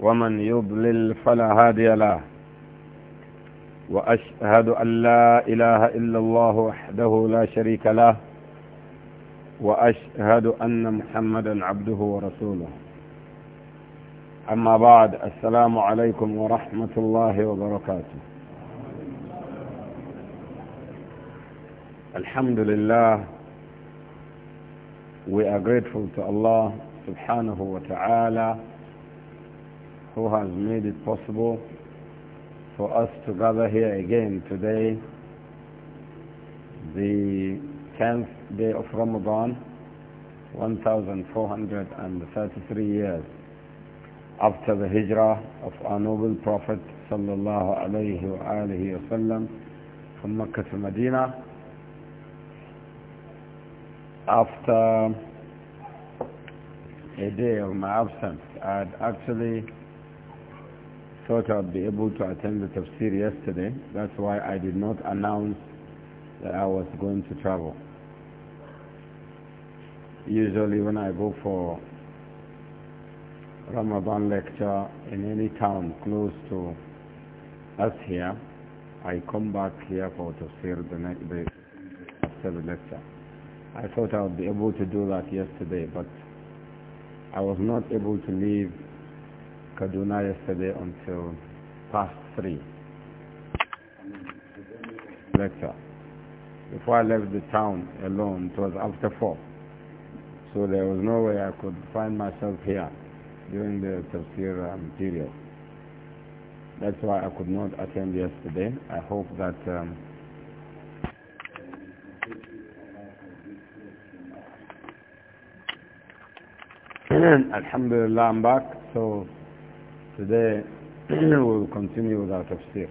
ومن يضلل فلا هادي له وأشهد أن لا إله إلا الله وحده لا شريك له وأشهد أن محمدا عبده ورسوله أما بعد السلام عليكم ورحمة الله وبركاته الحمد لله we are grateful to Allah subhanahu wa ta'ala who has made it possible for us to gather here again today, the 10th day of Ramadan, 1433 years after the hijrah of our noble Prophet sallallahu alayhi wa alihi from Mecca to Medina, after a day of my absence, I had actually thought I'd be able to attend the tafsir yesterday. That's why I did not announce that I was going to travel. Usually when I go for Ramadan lecture in any town close to us here, I come back here for tafsir the next day after the lecture. I thought I would be able to do that yesterday, but I was not able to leave Kaduna yesterday until past three. Lecture. Before I left the town alone, it was after four. So there was no way I could find myself here during the tafsir um, period. That's why I could not attend yesterday. I hope that um, Alhamdulillah, I'm back. So Today we'll continue with our tafsir.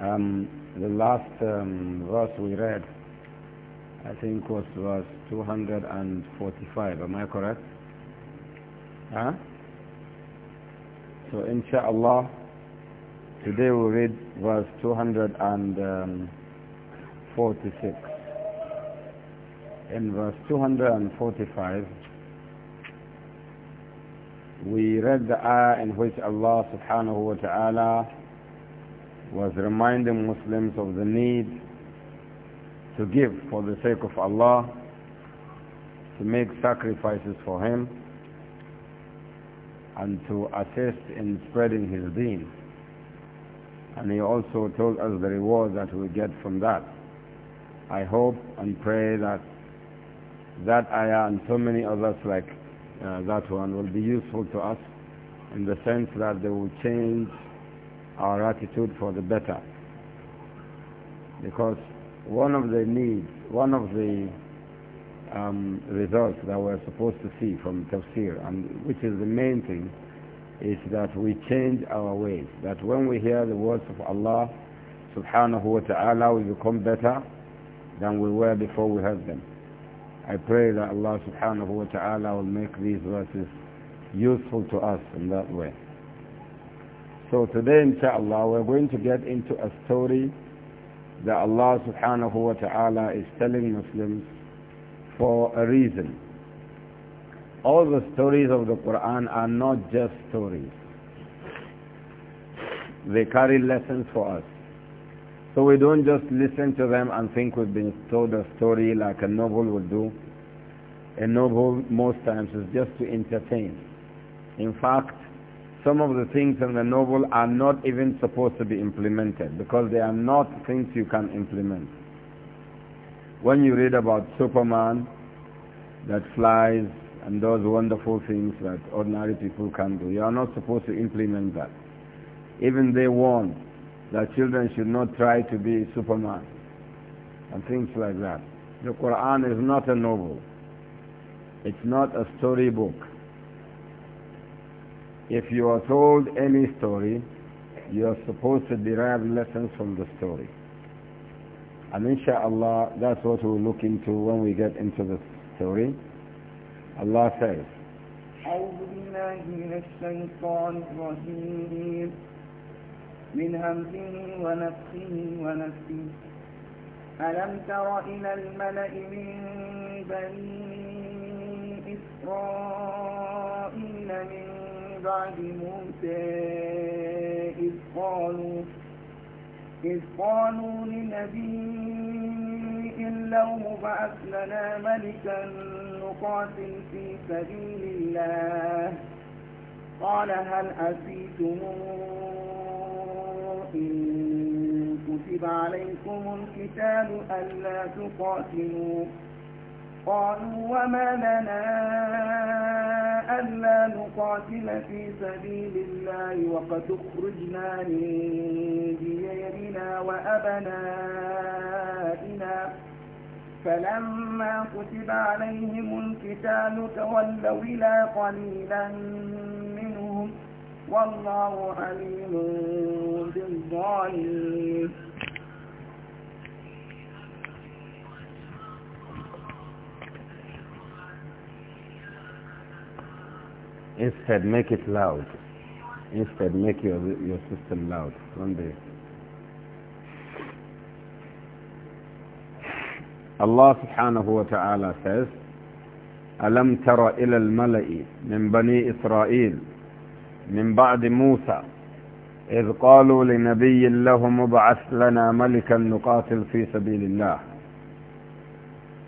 Um, the last um, verse we read, I think was verse 245. Am I correct? Huh? So insha'Allah, today we'll read verse 246. In verse 245, we read the ayah in which Allah subhanahu wa ta'ala was reminding Muslims of the need to give for the sake of Allah, to make sacrifices for Him, and to assist in spreading His deen. And He also told us the reward that we get from that. I hope and pray that that ayah and so many others like uh, that one will be useful to us in the sense that they will change our attitude for the better. Because one of the needs, one of the um, results that we're supposed to see from tafsir, and which is the main thing, is that we change our ways. That when we hear the words of Allah subhanahu wa ta'ala, we become better than we were before we heard them. I pray that Allah subhanahu wa ta'ala will make these verses useful to us in that way. So today inshallah we're going to get into a story that Allah subhanahu wa ta'ala is telling Muslims for a reason. All the stories of the Quran are not just stories. They carry lessons for us. So we don't just listen to them and think we've been told a story like a novel would do. A novel most times is just to entertain. In fact, some of the things in the novel are not even supposed to be implemented because they are not things you can implement. When you read about Superman that flies and does wonderful things that ordinary people can do, you are not supposed to implement that. Even they won't that children should not try to be Superman and things like that. The Quran is not a novel. It's not a storybook. If you are told any story, you are supposed to derive lessons from the story. And inshallah, that's what we'll look into when we get into the story. Allah says, من همس ونفسه ونفسه ألم تر إلى الملأ من بني إسرائيل من بعد موسى إذ قالوا إذ قالوا لنبي لو بعث لنا ملكا نقاتل في سبيل الله قال هل أسيتم إن كتب عليكم الكتاب ألا تقاتلوا قالوا وما لنا ألا نقاتل في سبيل الله وقد اخرجنا من ديارنا وأبنائنا فلما كتب عليهم الكتاب تولوا إلى قليلا والله عليم بالظالمين Instead, make it loud. Instead, make your your system loud. One day. Allah subhanahu wa ta'ala says, أَلَمْ تَرَ إِلَى الْمَلَئِ مِنْ بَنِي إِسْرَائِيلِ من بعد موسى إذ قالوا لنبي لهم ابعث لنا ملكا نقاتل في سبيل الله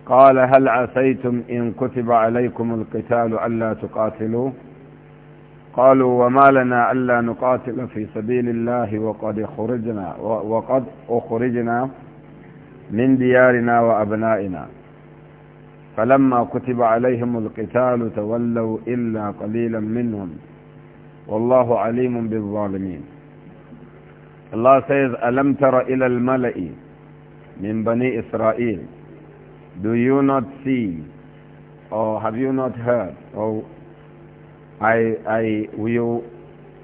قال هل عسيتم إن كتب عليكم القتال ألا تقاتلوا قالوا وما لنا ألا نقاتل في سبيل الله وقد خرجنا وقد أخرجنا من ديارنا وأبنائنا فلما كتب عليهم القتال تولوا إلا قليلا منهم والله عليم بالظالمين Allah says ألم تر إلى الملأ من بني إسرائيل Do you not see or have you not heard or oh, I, I, we,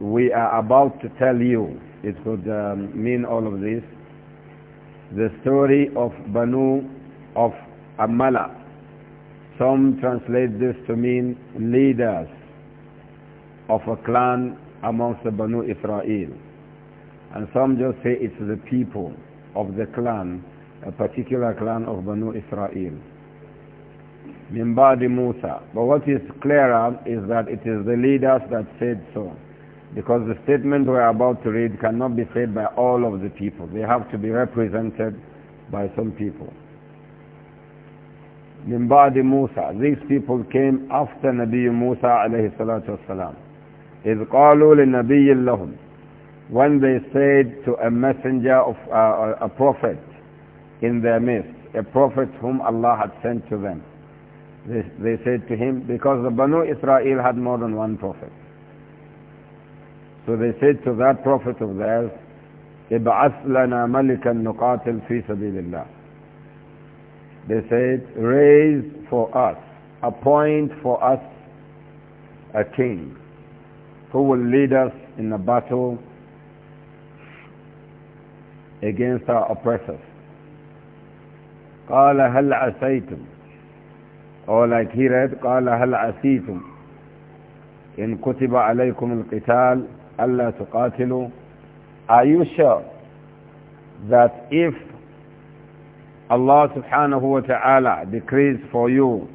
we are about to tell you it could um, mean all of this the story of Banu of Amala some translate this to mean leaders of a clan amongst the Banu Israel. And some just say it's the people of the clan, a particular clan of Banu Israel. Min Musa. But what is clearer is that it is the leaders that said so. Because the statement we are about to read cannot be said by all of the people. They have to be represented by some people. Min Musa. These people came after Nabi Musa alayhi salatu wasalam. إذ قالوا لنبي لهم when they said to a messenger of uh, a prophet in their midst, a prophet whom Allah had sent to them, they, they said to him, because the Banu Israel had more than one prophet. So they said to that prophet of theirs, ابعث لنا ملكا نقاتل في سبيل الله. They said, raise for us, appoint for us a king who will lead us in a battle against our oppressors. قال هل عسيتم or like he read قال هل عسيتم إن كتب عليكم القتال ألا تقاتلوا Are you sure that if Allah subhanahu wa ta'ala decrees for you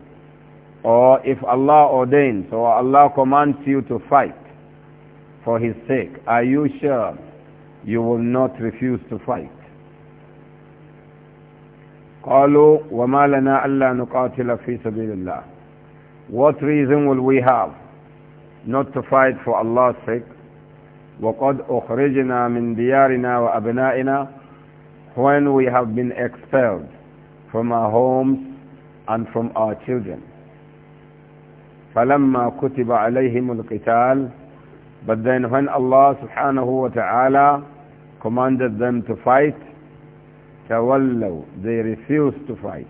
or if Allah ordains or Allah commands you to fight for his sake. Are you sure you will not refuse to fight? قالوا وما لنا ألا نقاتل في سبيل الله What reason will we have not to fight for Allah's sake? وقد أخرجنا من ديارنا وأبنائنا when we have been expelled from our homes and from our children. فلما كتب عليهم القتال but then when Allah subhanahu wa ta'ala commanded them to fight, تولوا, they refused to fight.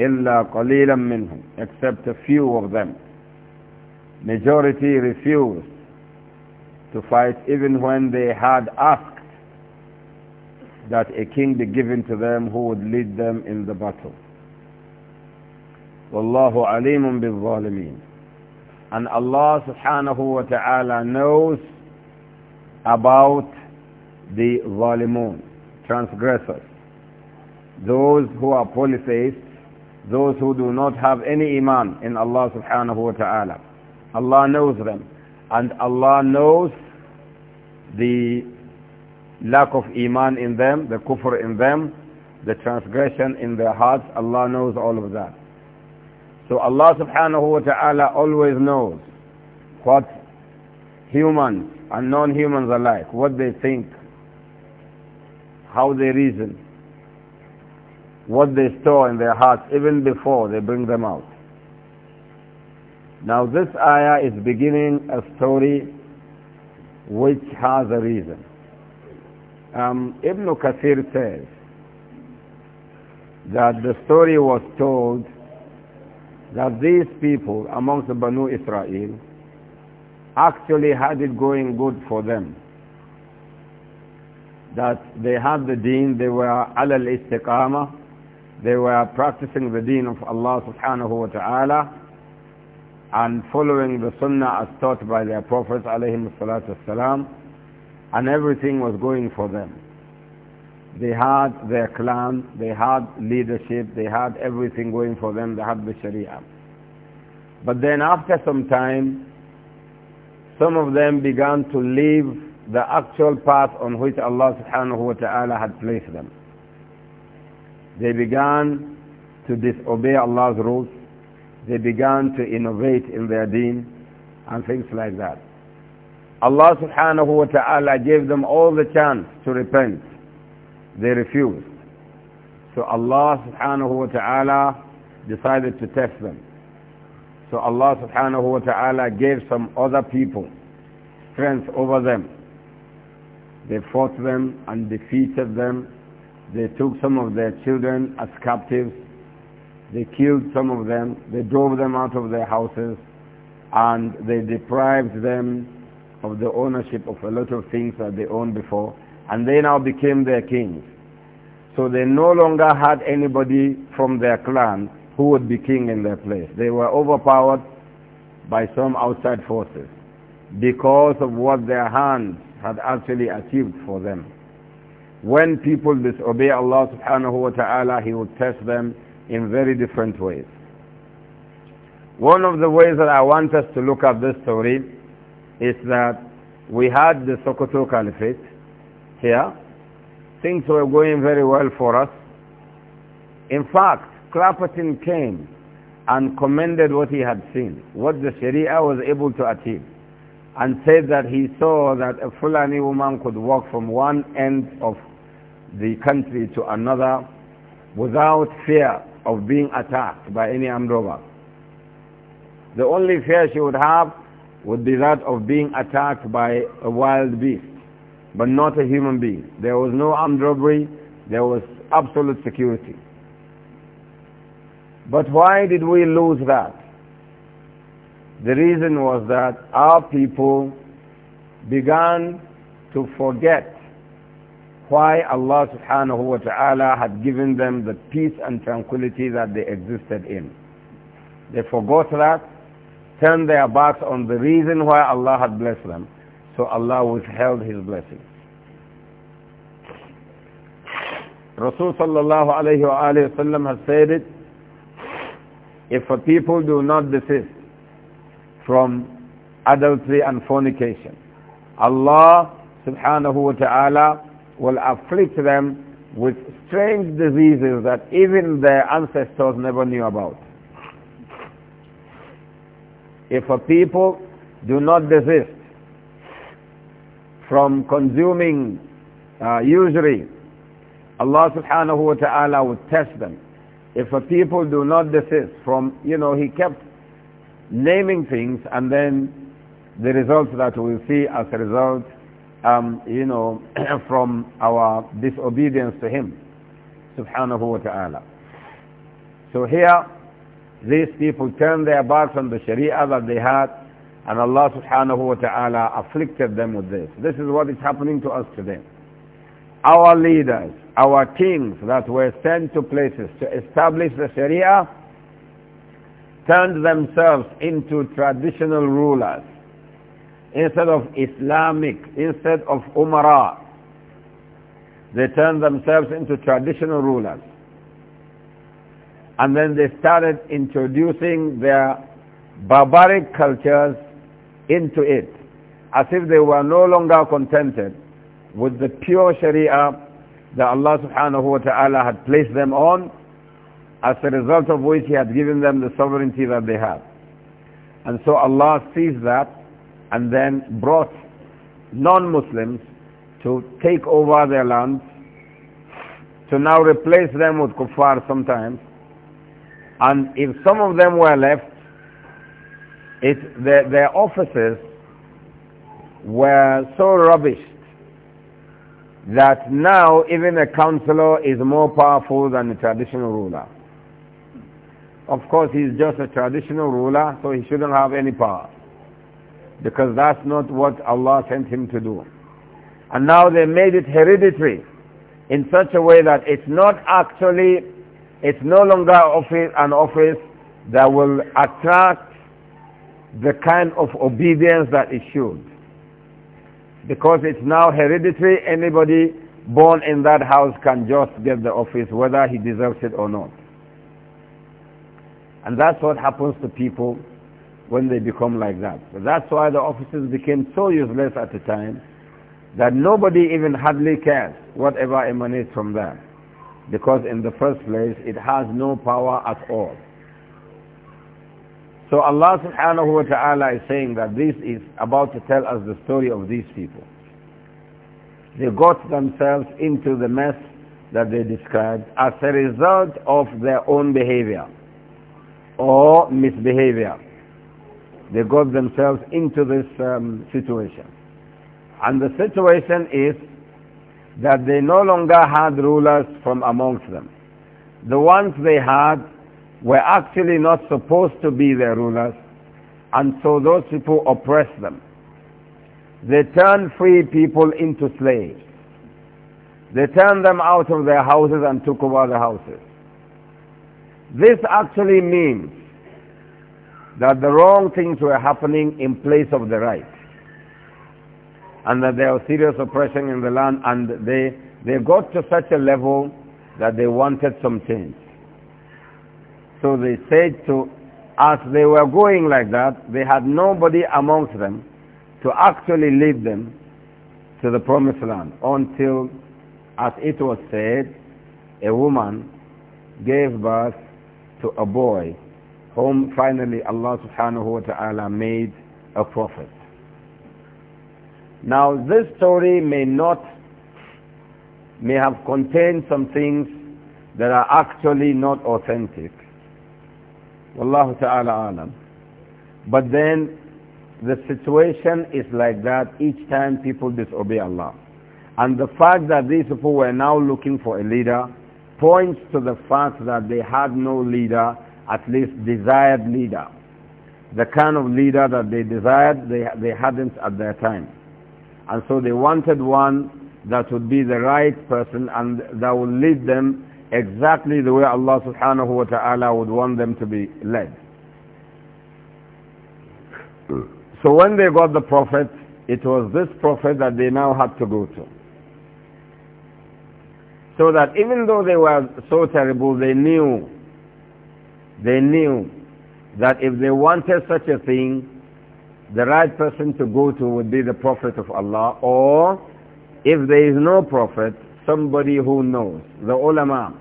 إلا قليلا منهم, except a few of them. Majority refused to fight even when they had asked that a king be given to them who would lead them in the battle. والله عليم بالظالمين and Allah subhanahu wa ta'ala knows about the zalimun, transgressors, those who are polytheists, those who do not have any iman in Allah subhanahu wa ta'ala. Allah knows them. And Allah knows the lack of iman in them, the kufr in them, the transgression in their hearts. Allah knows all of that. So Allah subhanahu wa ta'ala always knows what humans and non-humans alike, what they think, how they reason, what they store in their hearts even before they bring them out. Now this ayah is beginning a story which has a reason. Um, Ibn Kathir says that the story was told that these people amongst the Banu Israel actually had it going good for them. That they had the deen, they were alal istiqama, they were practicing the deen of Allah subhanahu wa ta'ala and following the sunnah as taught by their Prophet alayhi salatu and everything was going for them. They had their clan, they had leadership, they had everything going for them, they had the Sharia. But then after some time, some of them began to leave the actual path on which Allah subhanahu wa ta'ala had placed them. They began to disobey Allah's rules. They began to innovate in their deen and things like that. Allah subhanahu wa ta'ala gave them all the chance to repent. They refused. So Allah subhanahu wa ta'ala decided to test them. So Allah subhanahu wa ta'ala gave some other people strength over them. They fought them and defeated them. They took some of their children as captives. They killed some of them. They drove them out of their houses. And they deprived them of the ownership of a lot of things that they owned before and they now became their kings. So they no longer had anybody from their clan who would be king in their place. They were overpowered by some outside forces because of what their hands had actually achieved for them. When people disobey Allah subhanahu wa ta'ala, He will test them in very different ways. One of the ways that I want us to look at this story is that we had the Sokoto Caliphate here. Things were going very well for us. In fact, Clapperton came and commended what he had seen, what the Sharia was able to achieve, and said that he saw that a Fulani woman could walk from one end of the country to another without fear of being attacked by any armed robber. The only fear she would have would be that of being attacked by a wild beast but not a human being. There was no armed robbery. There was absolute security. But why did we lose that? The reason was that our people began to forget why Allah subhanahu wa ta'ala had given them the peace and tranquility that they existed in. They forgot that, turned their backs on the reason why Allah had blessed them, so Allah withheld his blessing. Rasul sallallahu alayhi wa sallam has said it, if a people do not desist from adultery and fornication, Allah subhanahu wa ta'ala will afflict them with strange diseases that even their ancestors never knew about. If a people do not desist from consuming uh, usury, Allah subhanahu wa ta'ala would test them. If a people do not desist from, you know, he kept naming things and then the results that we see as a result, um, you know, from our disobedience to him subhanahu wa ta'ala. So here, these people turned their backs on the sharia that they had and Allah subhanahu wa ta'ala afflicted them with this. This is what is happening to us today. Our leaders, our kings that were sent to places to establish the Sharia, turned themselves into traditional rulers instead of Islamic, instead of Umara. They turned themselves into traditional rulers. And then they started introducing their barbaric cultures into it as if they were no longer contented with the pure Sharia that Allah subhanahu wa ta'ala had placed them on as a result of which He had given them the sovereignty that they have. And so Allah sees that and then brought non-Muslims to take over their lands, to now replace them with kuffar sometimes. And if some of them were left, it, their, their offices were so rubbished that now even a counselor is more powerful than a traditional ruler. Of course, he's just a traditional ruler, so he shouldn't have any power. Because that's not what Allah sent him to do. And now they made it hereditary in such a way that it's not actually, it's no longer office, an office that will attract the kind of obedience that it should. Because it's now hereditary, anybody born in that house can just get the office whether he deserves it or not. And that's what happens to people when they become like that. So that's why the offices became so useless at the time that nobody even hardly cares whatever emanates from them. Because in the first place, it has no power at all. So Allah subhanahu wa ta'ala is saying that this is about to tell us the story of these people. They got themselves into the mess that they described as a result of their own behavior or misbehavior. They got themselves into this um, situation. And the situation is that they no longer had rulers from amongst them. The ones they had were actually not supposed to be their rulers, and so those people oppressed them. They turned free people into slaves. They turned them out of their houses and took over the houses. This actually means that the wrong things were happening in place of the right. And that there was serious oppression in the land and they, they got to such a level that they wanted some change. So they said to, as they were going like that, they had nobody amongst them to actually lead them to the promised land until, as it was said, a woman gave birth to a boy whom finally Allah subhanahu wa ta'ala made a prophet. Now this story may not, may have contained some things that are actually not authentic. Wallahu ta'ala alam. But then the situation is like that each time people disobey Allah. And the fact that these people were now looking for a leader points to the fact that they had no leader, at least desired leader. The kind of leader that they desired, they, they hadn't at their time. And so they wanted one that would be the right person and that would lead them exactly the way Allah subhanahu wa ta'ala would want them to be led. So when they got the prophet, it was this prophet that they now had to go to. So that even though they were so terrible, they knew, they knew that if they wanted such a thing, the right person to go to would be the Prophet of Allah, or if there is no Prophet, somebody who knows the ulama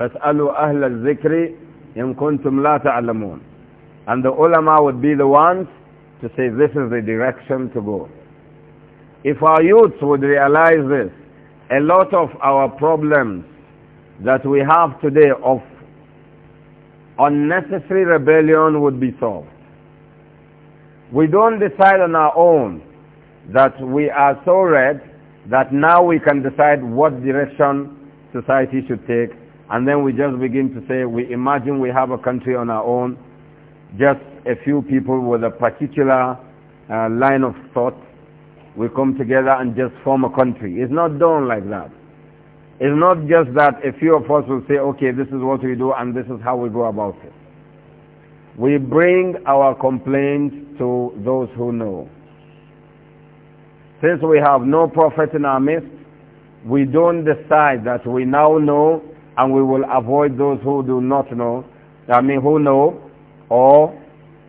فَاسْأَلُوا أَهْلَ الذِّكْرِ إِن كُنْتُمْ لَا تَعْلَمُونَ and the ulama would be the ones to say this is the direction to go if our youths would realize this a lot of our problems that we have today of unnecessary rebellion would be solved we don't decide on our own that we are so red that now we can decide what direction society should take and then we just begin to say we imagine we have a country on our own just a few people with a particular uh, line of thought we come together and just form a country it's not done like that it's not just that a few of us will say okay this is what we do and this is how we go about it we bring our complaints to those who know since we have no prophet in our midst, we don't decide that we now know and we will avoid those who do not know, I mean who know, or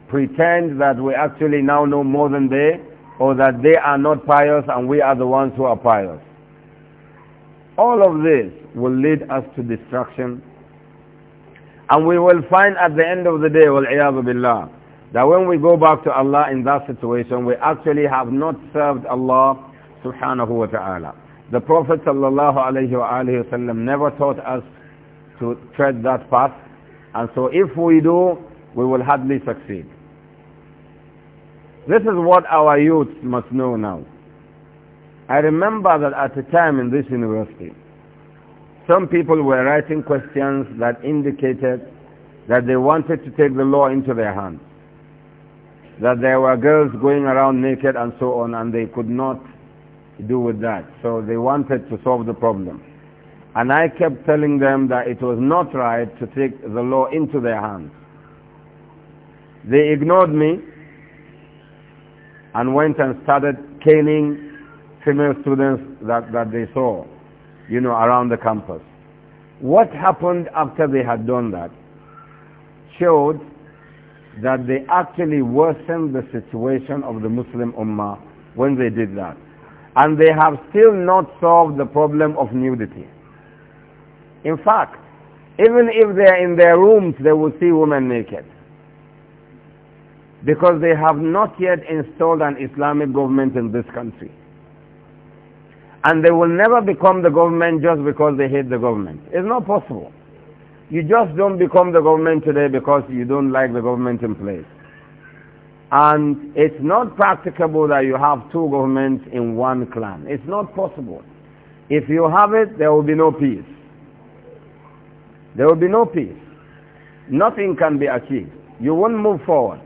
pretend that we actually now know more than they, or that they are not pious and we are the ones who are pious. All of this will lead us to destruction. And we will find at the end of the day, well, بِاللَّهِ that when we go back to Allah in that situation, we actually have not served Allah subhanahu wa ta'ala. The Prophet sallallahu alayhi wa never taught us to tread that path. And so if we do, we will hardly succeed. This is what our youth must know now. I remember that at the time in this university, some people were writing questions that indicated that they wanted to take the law into their hands that there were girls going around naked and so on, and they could not do with that. So they wanted to solve the problem. And I kept telling them that it was not right to take the law into their hands. They ignored me and went and started caning female students that, that they saw, you know, around the campus. What happened after they had done that showed that they actually worsened the situation of the Muslim Ummah when they did that. And they have still not solved the problem of nudity. In fact, even if they are in their rooms, they will see women naked. Because they have not yet installed an Islamic government in this country. And they will never become the government just because they hate the government. It's not possible. You just don't become the government today because you don't like the government in place. And it's not practicable that you have two governments in one clan. It's not possible. If you have it, there will be no peace. There will be no peace. Nothing can be achieved. You won't move forward.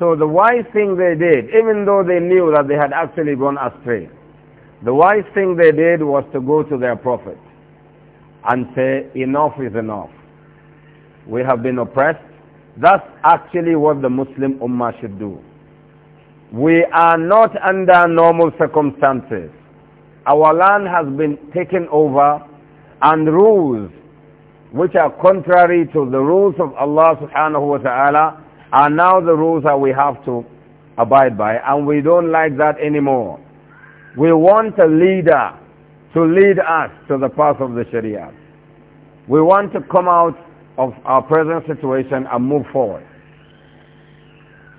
So the wise thing they did, even though they knew that they had actually gone astray, the wise thing they did was to go to their prophet and say enough is enough. We have been oppressed. That's actually what the Muslim Ummah should do. We are not under normal circumstances. Our land has been taken over and rules which are contrary to the rules of Allah subhanahu wa ta'ala are now the rules that we have to abide by and we don't like that anymore. We want a leader to lead us to the path of the Sharia. We want to come out of our present situation and move forward.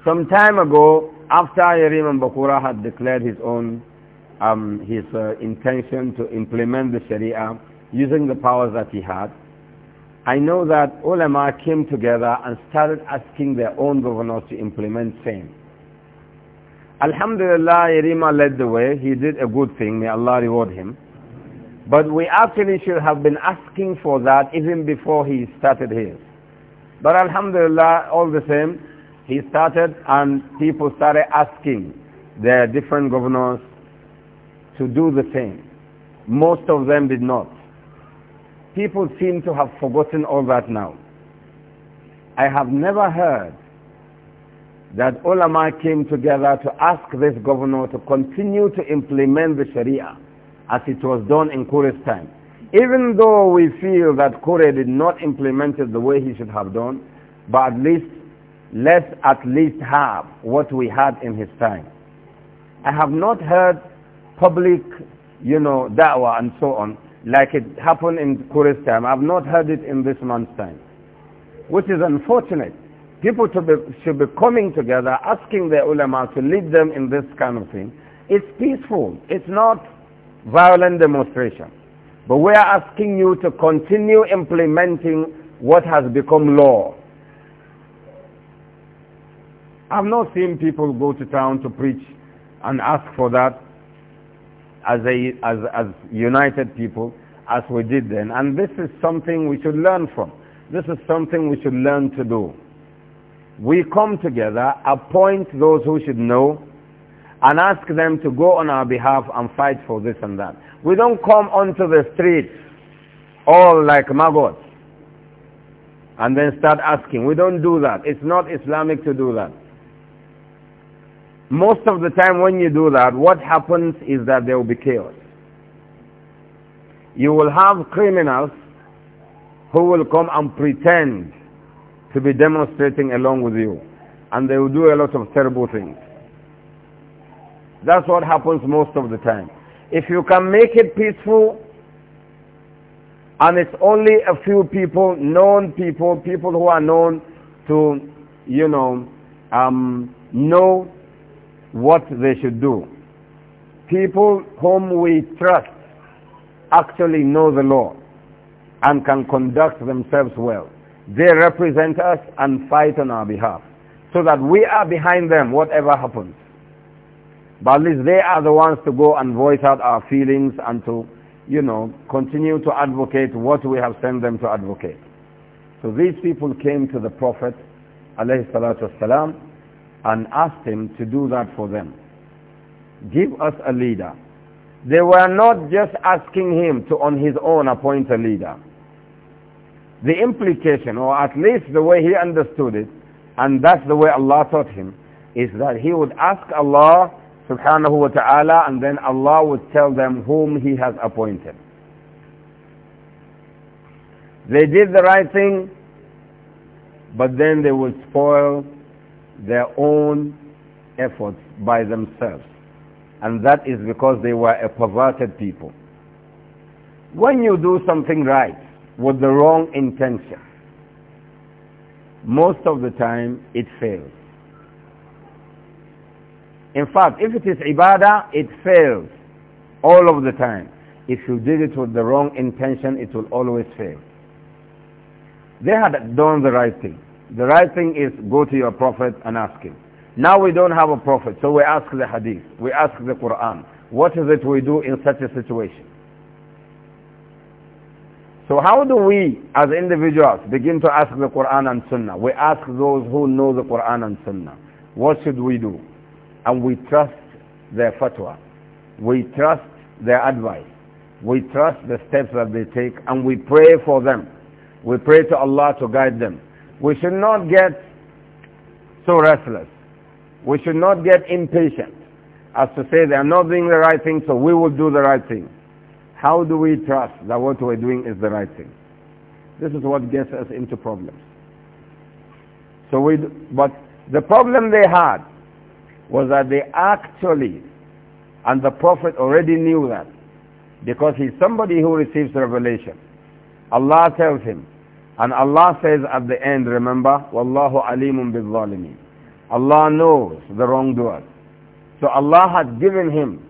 Some time ago, after Yerim Bakura had declared his own um, his uh, intention to implement the Sharia using the powers that he had, I know that ulama came together and started asking their own governors to implement same. Alhamdulillah, Yerima led the way. He did a good thing. May Allah reward him. But we actually should have been asking for that even before he started his. But alhamdulillah, all the same, he started and people started asking their different governors to do the same. Most of them did not. People seem to have forgotten all that now. I have never heard that ulama came together to ask this governor to continue to implement the sharia as it was done in Kure's time. Even though we feel that Kure did not implement it the way he should have done, but at least let's at least have what we had in his time. I have not heard public, you know, da'wah and so on, like it happened in Kure's time. I've not heard it in this man's time, which is unfortunate. People be, should be coming together, asking their ulama to lead them in this kind of thing. It's peaceful. It's not violent demonstration. But we are asking you to continue implementing what has become law. I've not seen people go to town to preach and ask for that as, a, as, as united people as we did then. And this is something we should learn from. This is something we should learn to do. We come together, appoint those who should know, and ask them to go on our behalf and fight for this and that. We don't come onto the streets all like maggots and then start asking. We don't do that. It's not Islamic to do that. Most of the time when you do that, what happens is that there will be chaos. You will have criminals who will come and pretend to be demonstrating along with you. And they will do a lot of terrible things. That's what happens most of the time. If you can make it peaceful, and it's only a few people, known people, people who are known to, you know, um, know what they should do. People whom we trust actually know the law and can conduct themselves well. They represent us and fight on our behalf so that we are behind them whatever happens. But at least they are the ones to go and voice out our feelings and to, you know, continue to advocate what we have sent them to advocate. So these people came to the Prophet والسلام, and asked him to do that for them. Give us a leader. They were not just asking him to on his own appoint a leader. The implication, or at least the way he understood it, and that's the way Allah taught him, is that he would ask Allah subhanahu wa ta'ala and then Allah would tell them whom he has appointed. They did the right thing, but then they would spoil their own efforts by themselves. And that is because they were a perverted people. When you do something right with the wrong intention, most of the time it fails. In fact, if it is ibadah, it fails all of the time. If you did it with the wrong intention, it will always fail. They had done the right thing. The right thing is go to your prophet and ask him. Now we don't have a prophet, so we ask the hadith, we ask the Quran. What is it we do in such a situation? So how do we as individuals begin to ask the Quran and Sunnah? We ask those who know the Quran and Sunnah. What should we do? and we trust their fatwa. We trust their advice. We trust the steps that they take and we pray for them. We pray to Allah to guide them. We should not get so restless. We should not get impatient as to say they are not doing the right thing so we will do the right thing. How do we trust that what we're doing is the right thing? This is what gets us into problems. So we, but the problem they had was that they actually, and the Prophet already knew that, because he's somebody who receives revelation. Allah tells him, and Allah says at the end, remember, Wallahu alimun bil Allah knows the wrongdoers. So Allah had given him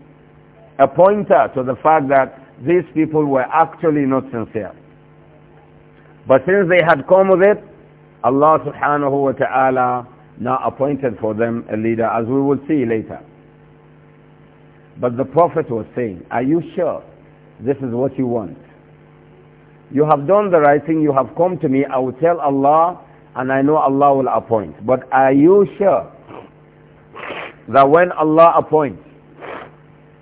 a pointer to the fact that these people were actually not sincere. But since they had come with it, Allah subhanahu wa ta'ala now appointed for them a leader, as we will see later. But the Prophet was saying, are you sure this is what you want? You have done the right thing, you have come to me, I will tell Allah, and I know Allah will appoint. But are you sure that when Allah appoints,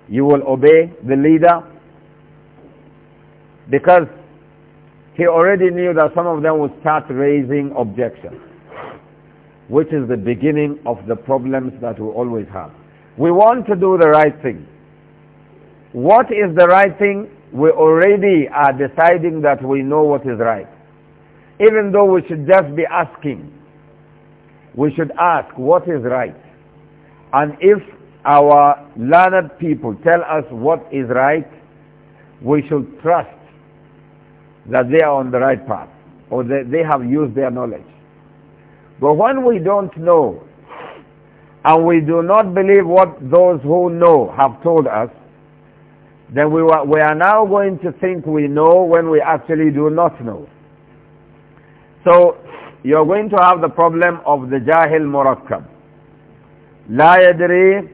you will obey the leader? Because he already knew that some of them would start raising objections which is the beginning of the problems that we always have. We want to do the right thing. What is the right thing? We already are deciding that we know what is right. Even though we should just be asking, we should ask what is right. And if our learned people tell us what is right, we should trust that they are on the right path or that they have used their knowledge. But when we don't know and we do not believe what those who know have told us, then we, we are now going to think we know when we actually do not know. So you're going to have the problem of the jahil murakkab. لا يدري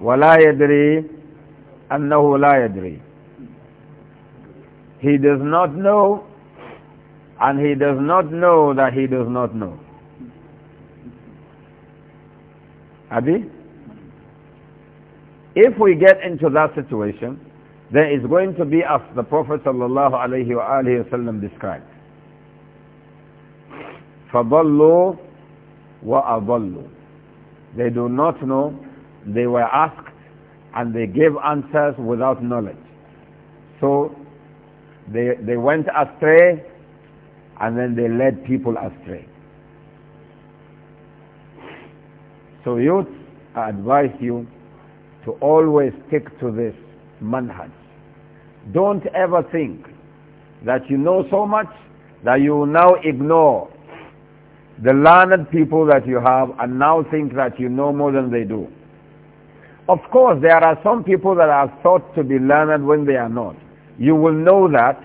ولا يدري أنه لا يدري. He does not know and he does not know that he does not know. Abi? If we get into that situation, then it's going to be as the Prophet sallallahu alayhi wa alayhi wa aballu." They do not know, they were asked, and they gave answers without knowledge. So, they, they went astray and then they led people astray. So youth, I advise you to always stick to this manhaj. Don't ever think that you know so much that you will now ignore the learned people that you have and now think that you know more than they do. Of course, there are some people that are thought to be learned when they are not. You will know that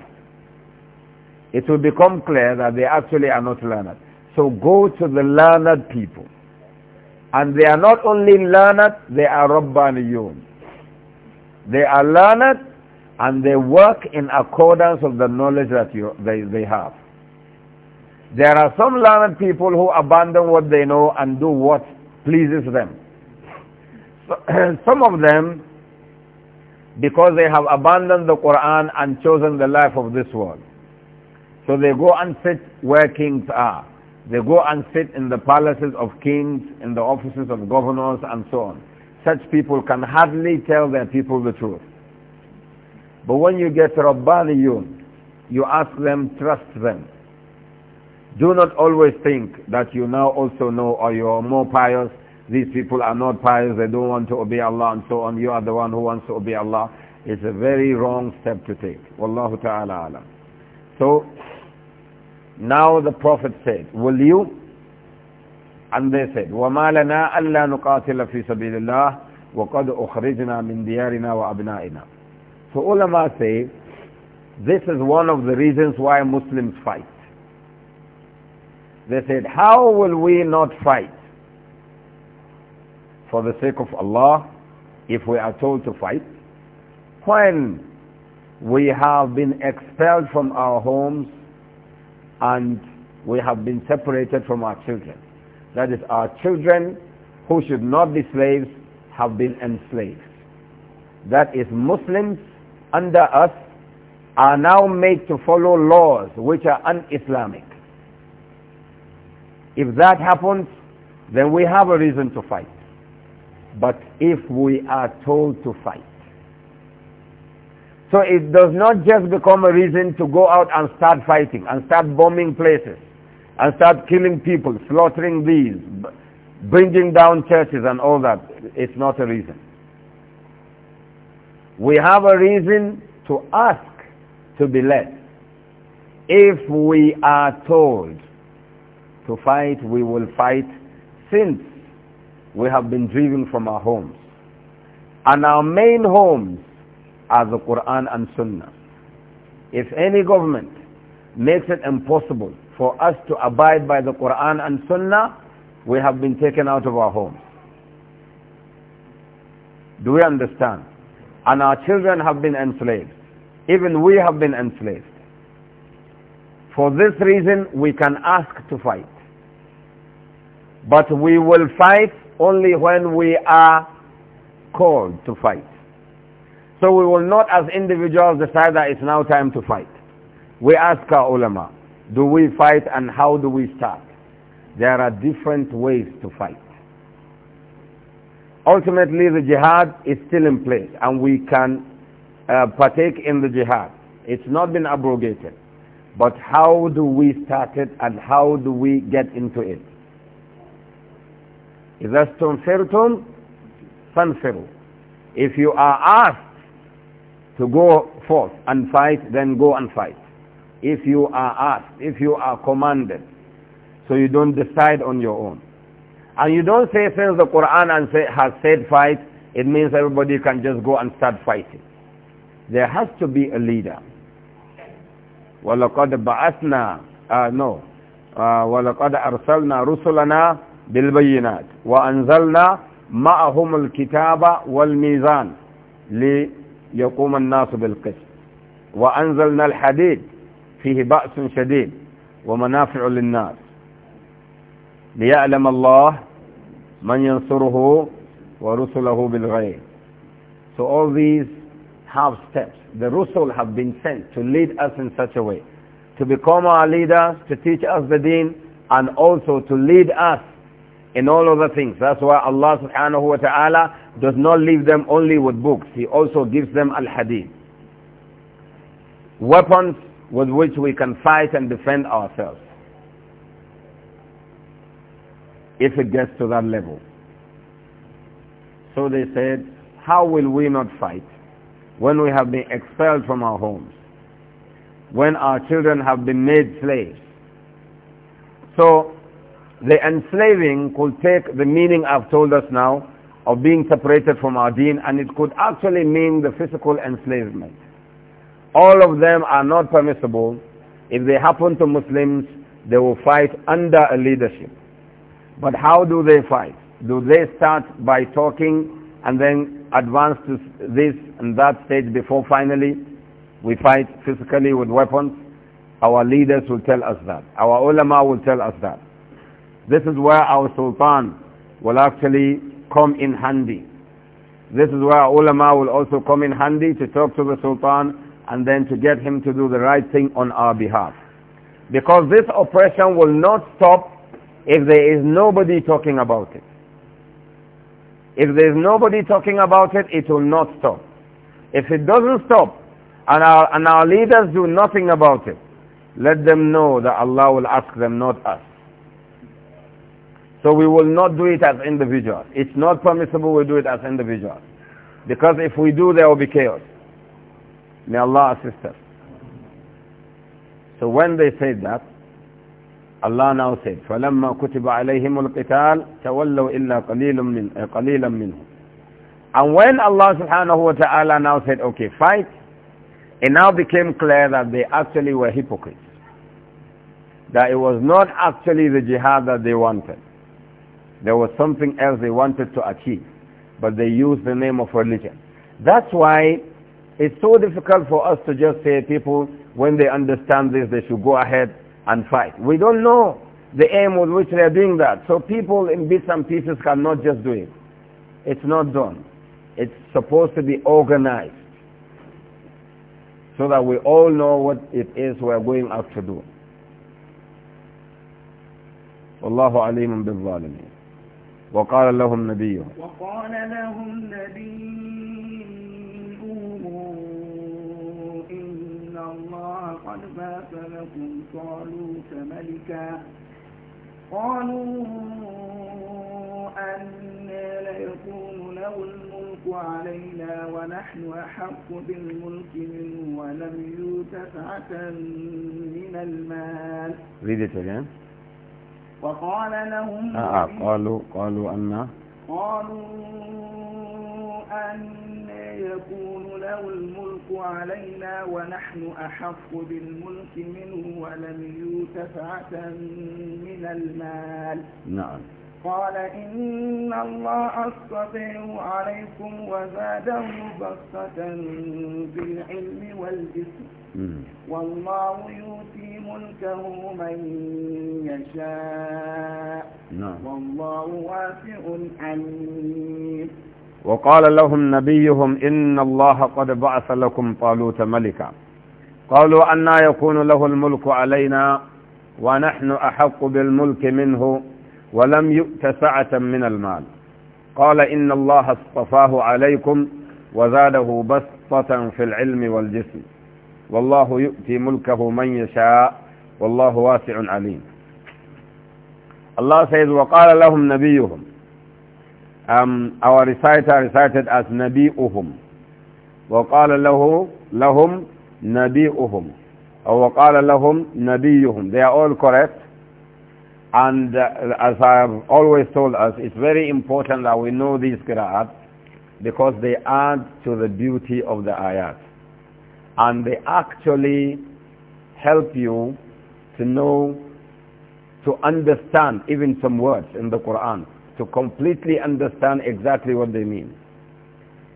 it will become clear that they actually are not learned. So go to the learned people. And they are not only learned, they are Rabbaniyun. They are learned and they work in accordance with the knowledge that you, they, they have. There are some learned people who abandon what they know and do what pleases them. some of them, because they have abandoned the Quran and chosen the life of this world. So they go and sit where kings are. They go and sit in the palaces of kings, in the offices of governors and so on. Such people can hardly tell their people the truth. But when you get Rabbaniyun, you ask them, trust them. Do not always think that you now also know or oh, you are more pious. These people are not pious. They don't want to obey Allah and so on. You are the one who wants to obey Allah. It's a very wrong step to take. Wallahu ta'ala alam. So now the Prophet said, will you? And they said, وَمَا لَنَا أَلَّا نُقَاتِلَ فِي سَبِيلِ اللَّهِ وَقَدْ أُخْرِجْنَا مِنْ دِيَارِنَا وَأَبْنَائِنَا So ulama say, this is one of the reasons why Muslims fight. They said, how will we not fight for the sake of Allah if we are told to fight? When we have been expelled from our homes and we have been separated from our children. That is, our children who should not be slaves have been enslaved. That is, Muslims under us are now made to follow laws which are un-Islamic. If that happens, then we have a reason to fight. But if we are told to fight, so it does not just become a reason to go out and start fighting and start bombing places and start killing people, slaughtering these, bringing down churches and all that. It's not a reason. We have a reason to ask to be led. If we are told to fight, we will fight since we have been driven from our homes. And our main homes are the Quran and Sunnah. If any government makes it impossible for us to abide by the Quran and Sunnah, we have been taken out of our homes. Do we understand? And our children have been enslaved. Even we have been enslaved. For this reason, we can ask to fight. But we will fight only when we are called to fight. So we will not as individuals decide that it's now time to fight. We ask our ulama, do we fight and how do we start? There are different ways to fight. Ultimately the jihad is still in place and we can uh, partake in the jihad. It's not been abrogated. But how do we start it and how do we get into it? If you are asked to go forth and fight, then go and fight. If you are asked, if you are commanded, so you don't decide on your own. And you don't say since the Quran and say, has said fight, it means everybody can just go and start fighting. There has to be a leader. وَلَقَدْ بَعَثْنَا uh, No. Uh, وَلَقَدْ أَرْسَلْنَا رُسُلَنَا بِالْبَيِّنَاتِ وَأَنْزَلْنَا مَعَهُمُ الْكِتَابَ وَالْمِيزَانَ يقوم الناس بالقسط وأنزلنا الحديد فيه بأس شديد ومنافع للناس ليعلم الله من ينصره ورسله بالغيب So all these half steps, the Rusul have been sent to lead us in such a way, to become our leaders, to teach us the deen, and also to lead us in all other things. That's why Allah subhanahu wa ta'ala does not leave them only with books. He also gives them al-hadith. Weapons with which we can fight and defend ourselves. If it gets to that level. So they said, how will we not fight when we have been expelled from our homes? When our children have been made slaves? So the enslaving could take the meaning I've told us now of being separated from our deen and it could actually mean the physical enslavement. All of them are not permissible. If they happen to Muslims, they will fight under a leadership. But how do they fight? Do they start by talking and then advance to this and that stage before finally we fight physically with weapons? Our leaders will tell us that. Our ulama will tell us that. This is where our sultan will actually come in handy. This is where ulama will also come in handy to talk to the sultan and then to get him to do the right thing on our behalf. Because this oppression will not stop if there is nobody talking about it. If there is nobody talking about it, it will not stop. If it doesn't stop and our, and our leaders do nothing about it, let them know that Allah will ask them, not us. So we will not do it as individuals. It's not permissible we do it as individuals. Because if we do, there will be chaos. May Allah assist us. So when they said that, Allah now said, فَلَمَّا كُتِبَ عَلَيْهِمُ الْقِتَالِ تَوَلَّوْا إِلَّا قَلِيلًا مِّنْهُمْ And when Allah subhanahu wa ta'ala now said, okay, fight, it now became clear that they actually were hypocrites. That it was not actually the jihad that they wanted. There was something else they wanted to achieve, but they used the name of religion. That's why it's so difficult for us to just say people, when they understand this, they should go ahead and fight. We don't know the aim with which they are doing that. So people in bits and pieces cannot just do it. It's not done. It's supposed to be organized so that we all know what it is we're going out to do. والله عليم بالظالمين وقال لهم نبيهم وقال لهم نبيهم إن الله قد بات لكم طالوت ملكا قالوا أن لا يكون له الملك علينا ونحن أحق بالملك منه ولم يوت سعة من المال Read it again. وقال لهم آه،, آه قالوا قالوا أن قالوا أن يكون له الملك علينا ونحن أحق بالملك منه ولم يوت سعة من المال نعم قال إن الله اصطفاه عليكم وزاده بسطة بالعلم والجسم والله يؤتي ملكه من يشاء نعم. والله واسع عليم وقال لهم نبيهم إن الله قد بعث لكم طالوت ملكا قالوا أنا يكون له الملك علينا ونحن أحق بالملك منه ولم يؤت سعة من المال قال إن الله اصطفاه عليكم وزاده بسطة في العلم والجسم والله يؤتي ملكه من يشاء والله واسع عليم الله says وقال لهم نبيهم um, our reciter recited as نبيهم وقال له لهم نبيهم أو وقال لهم نبيهم they are all correct And uh, as I have always told us, it's very important that we know these qira'at because they add to the beauty of the ayat. And they actually help you to know, to understand even some words in the Quran, to completely understand exactly what they mean.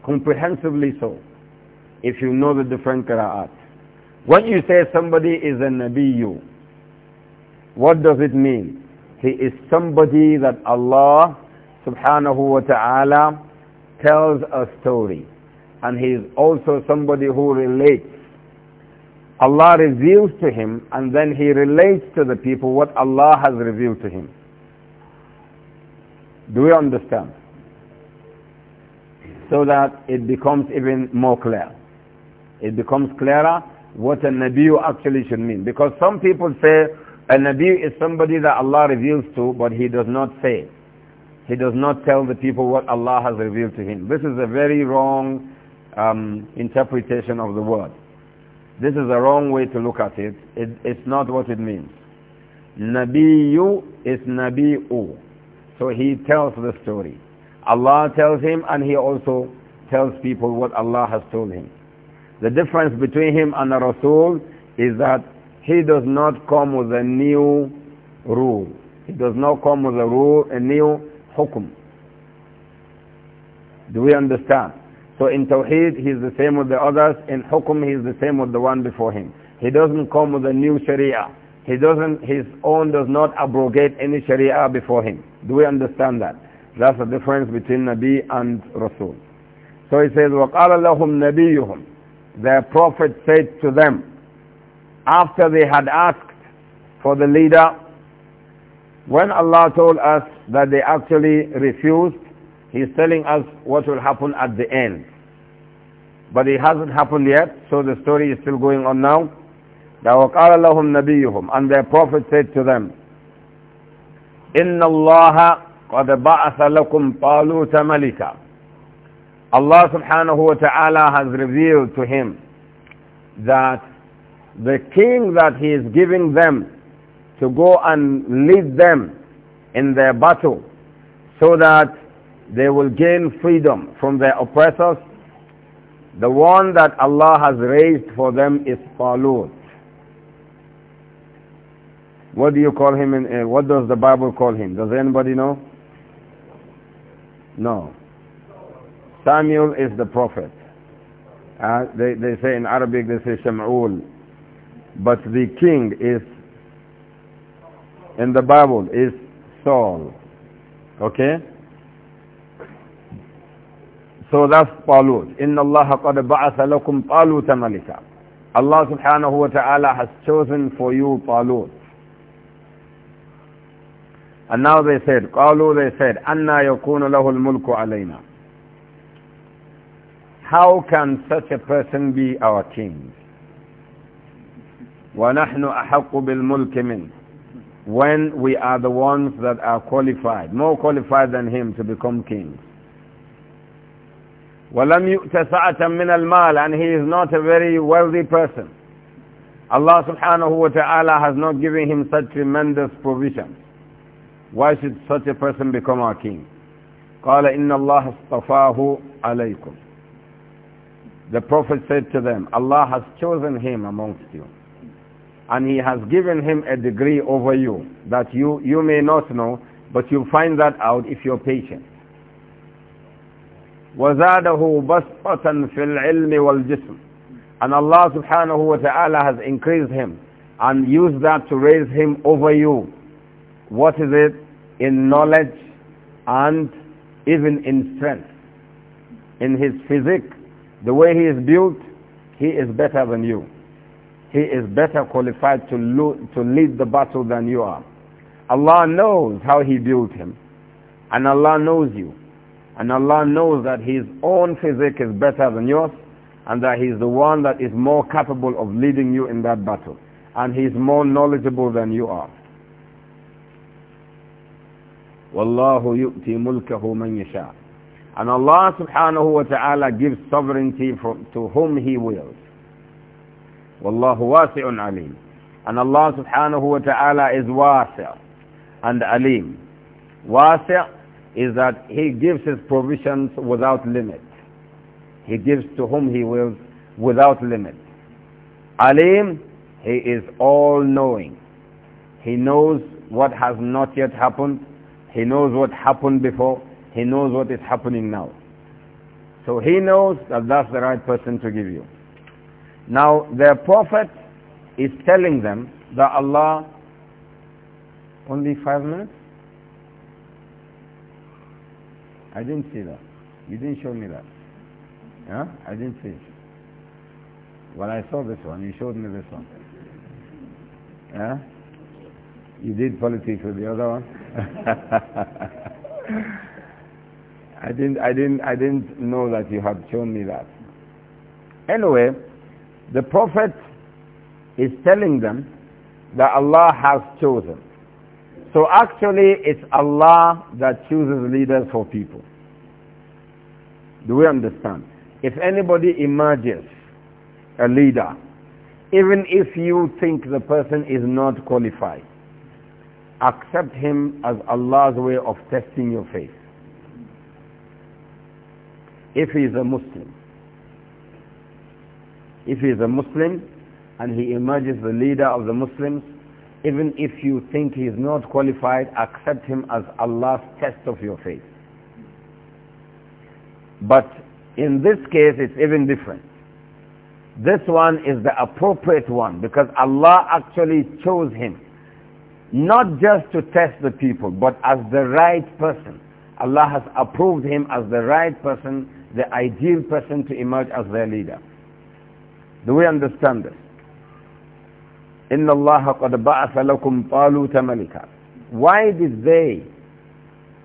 Comprehensively so, if you know the different qira'at. When you say somebody is a nabiyu, what does it mean? He is somebody that Allah subhanahu wa ta'ala tells a story. And he is also somebody who relates. Allah reveals to him and then he relates to the people what Allah has revealed to him. Do we understand? So that it becomes even more clear. It becomes clearer what a nabi actually should mean. Because some people say, a Nabi is somebody that Allah reveals to, but he does not say. He does not tell the people what Allah has revealed to him. This is a very wrong um, interpretation of the word. This is a wrong way to look at it. it it's not what it means. Nabiyu is Nabi'u. So he tells the story. Allah tells him and he also tells people what Allah has told him. The difference between him and a Rasul is that he does not come with a new rule. He does not come with a rule, a new hukum. Do we understand? So in Tawheed, he is the same with the others. In Hukum, he is the same with the one before him. He doesn't come with a new Sharia. He doesn't, his own does not abrogate any Sharia before him. Do we understand that? That's the difference between Nabi and Rasul. So he says, وَقَالَ لَهُمْ نَبِيُّهُمْ Their prophet said to them, after they had asked for the leader, when Allah told us that they actually refused, He's telling us what will happen at the end. But it hasn't happened yet, so the story is still going on now. وَقَالَ لَهُمْ نَبِيُّهُمْ And their prophet said to them, إِنَّ اللَّهَ قَدْ بَعَثَ لَكُمْ طَالُوتَ مَلِكًا Allah subhanahu wa ta'ala has revealed to him that the king that he is giving them to go and lead them in their battle so that they will gain freedom from their oppressors. The one that Allah has raised for them is Talut. What do you call him in, uh, what does the Bible call him? Does anybody know? No. Samuel is the prophet. Uh, they, they say in Arabic, they say Sham'ul. But the king is, in the Bible, is Saul. Okay? So that's Talut. Inna Allah qad ba'atha lakum Taluta malika. Allah subhanahu wa ta'ala has chosen for you Talut. And now they said, قالوا they said, أَنَّا يَكُونُ لَهُ الْمُلْكُ عَلَيْنَا How can such a person be our king? وَنَحْنُ أَحَقُّ بِالْمُلْكِ مِنْ When we are the ones that are qualified, more qualified than him to become kings. وَلَمْ يُؤْتَ سَعَةً مِنَ الْمَالِ And he is not a very wealthy person. Allah subhanahu wa ta'ala has not given him such tremendous provisions. Why should such a person become our king? قال إن الله اصطفاه عليكم The Prophet said to them, Allah has chosen him amongst you and he has given him a degree over you that you, you may not know, but you'll find that out if you're patient. وَزَادَهُ بَسْطَةً فِي الْعِلْمِ وَالْجِسْمِ And Allah subhanahu wa ta'ala has increased him and used that to raise him over you. What is it? In knowledge and even in strength. In his physique, the way he is built, he is better than you he is better qualified to, to lead the battle than you are. Allah knows how he built him. And Allah knows you. And Allah knows that his own physique is better than yours and that he is the one that is more capable of leading you in that battle. And he is more knowledgeable than you are. وَاللَّهُ يُؤْتِي مُلْكَهُ مَنْ يَشَاءُ And Allah subhanahu wa ta'ala gives sovereignty to whom he wills. Wallahu wasi'un alim. And Allah subhanahu wa ta'ala is wasi' and alim. Wasi' is that He gives His provisions without limit. He gives to whom He wills without limit. Alim, He is all-knowing. He knows what has not yet happened. He knows what happened before. He knows what is happening now. So he knows that that's the right person to give you. Now their prophet is telling them that Allah only five minutes? I didn't see that. You didn't show me that. Yeah? I didn't see it. Well, I saw this one. You showed me this one. Yeah? You did politics with the other one? I didn't, I didn't, I didn't know that you had shown me that. Anyway, the Prophet is telling them that Allah has chosen. So actually it's Allah that chooses leaders for people. Do we understand? If anybody emerges a leader, even if you think the person is not qualified, accept him as Allah's way of testing your faith. If he is a Muslim, if he is a Muslim and he emerges the leader of the Muslims, even if you think he is not qualified, accept him as Allah's test of your faith. But in this case, it's even different. This one is the appropriate one because Allah actually chose him. Not just to test the people, but as the right person. Allah has approved him as the right person, the ideal person to emerge as their leader. Do we understand this? إِنَّ اللَّهَ قَدْ بَعَثَ لَكُمْ طَالُوتَ مَلِكًا Why did they,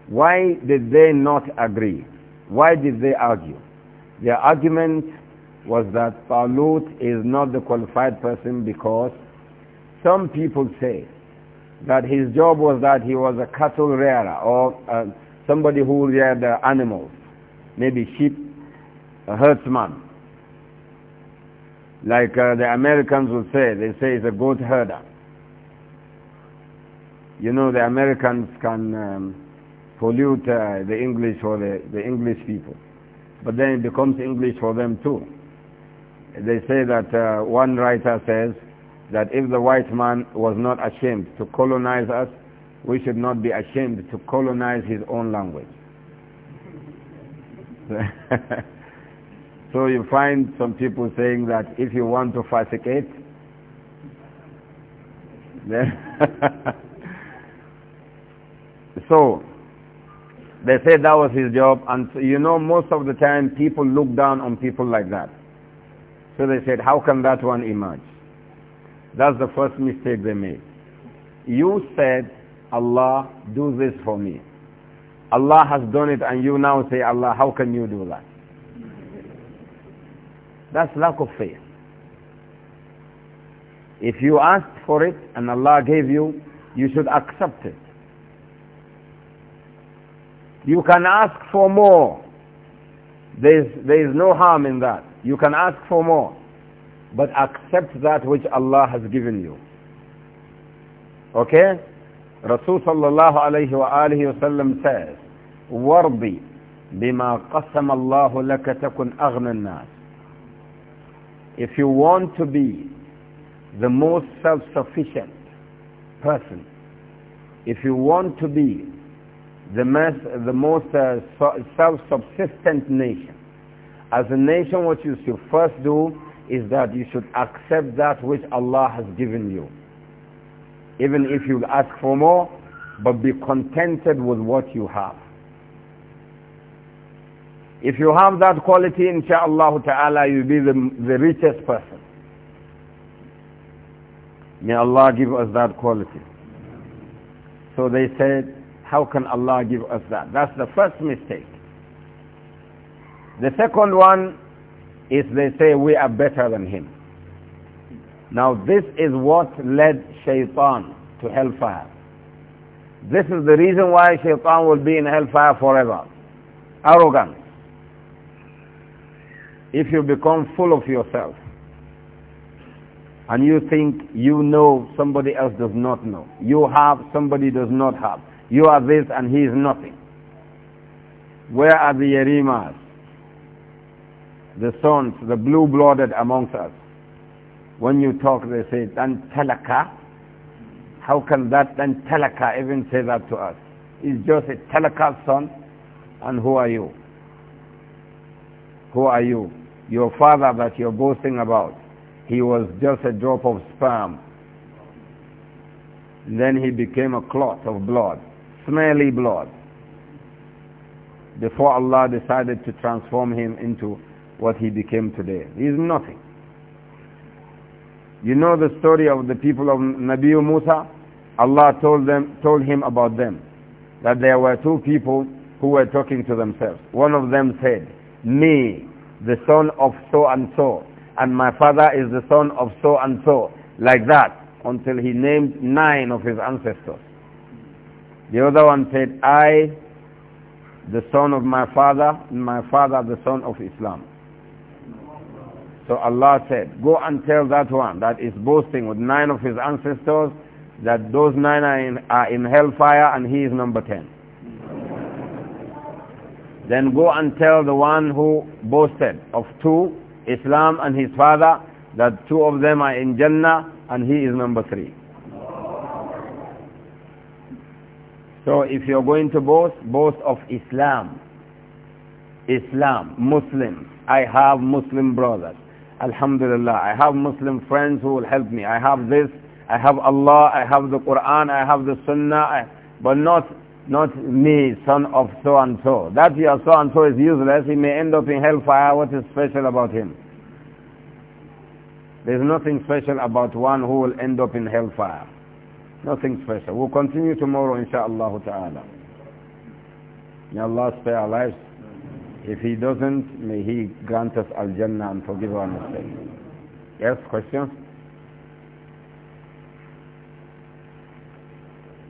why did they not agree? Why did they argue? Their argument was that Talut is not the qualified person because some people say that his job was that he was a cattle rearer or uh, somebody who reared uh, animals, maybe sheep, a herdsman. Like uh, the Americans would say, they say it's a goat herder. You know, the Americans can um, pollute uh, the English or the, the English people. But then it becomes English for them too. They say that uh, one writer says that if the white man was not ashamed to colonize us, we should not be ashamed to colonize his own language. So you find some people saying that if you want to fasicate, then so they said that was his job and so, you know most of the time people look down on people like that. So they said, how can that one emerge? That's the first mistake they made. You said, Allah, do this for me. Allah has done it and you now say, Allah, how can you do that? That's lack of faith. If you asked for it and Allah gave you, you should accept it. You can ask for more. There is, there is no harm in that. You can ask for more. But accept that which Allah has given you. Okay? Rasul sallallahu alayhi wa alihi wa sallam says, وَرْضِ بِمَا قَسَمَ اللَّهُ لَكَ تَكُنْ أَغْنَى النَّاسِ if you want to be the most self-sufficient person, if you want to be the, most, the most uh, self-subsistent nation, as a nation what you should first do is that you should accept that which Allah has given you. Even if you ask for more, but be contented with what you have. If you have that quality, insha'Allah ta'ala, you'll be the, the richest person. May Allah give us that quality. So they said, how can Allah give us that? That's the first mistake. The second one is they say we are better than him. Now this is what led shaitan to hellfire. This is the reason why shaitan will be in hellfire forever. Arrogance if you become full of yourself and you think you know somebody else does not know, you have somebody does not have, you are this and he is nothing. Where are the Yerimas, the sons, the blue-blooded amongst us? When you talk, they say, Tantalaka. How can that Tantalaka even say that to us? He's just a Talaka son, and who are you? Who are you? Your father that you're boasting about, he was just a drop of sperm. And then he became a clot of blood, smelly blood, before Allah decided to transform him into what he became today. He is nothing. You know the story of the people of Nabi Musa? Allah told, them, told him about them, that there were two people who were talking to themselves. One of them said, me, the son of so and so, and my father is the son of so and so, like that, until he named nine of his ancestors. The other one said, I, the son of my father, and my father the son of Islam. So Allah said, go and tell that one that is boasting with nine of his ancestors that those nine are in, are in hellfire and he is number ten. Then go and tell the one who boasted of two, Islam and his father, that two of them are in Jannah and he is number three. So if you're going to boast, boast of Islam. Islam, Muslims. I have Muslim brothers. Alhamdulillah. I have Muslim friends who will help me. I have this. I have Allah. I have the Quran. I have the Sunnah. I, but not not me, son of so-and-so. That your so-and-so is useless. He may end up in hellfire. What is special about him? There's nothing special about one who will end up in hellfire. Nothing special. We'll continue tomorrow, inshallah ta'ala. May Allah spare our lives. If He doesn't, may He grant us Al-Jannah and forgive our mistakes. Yes, questions?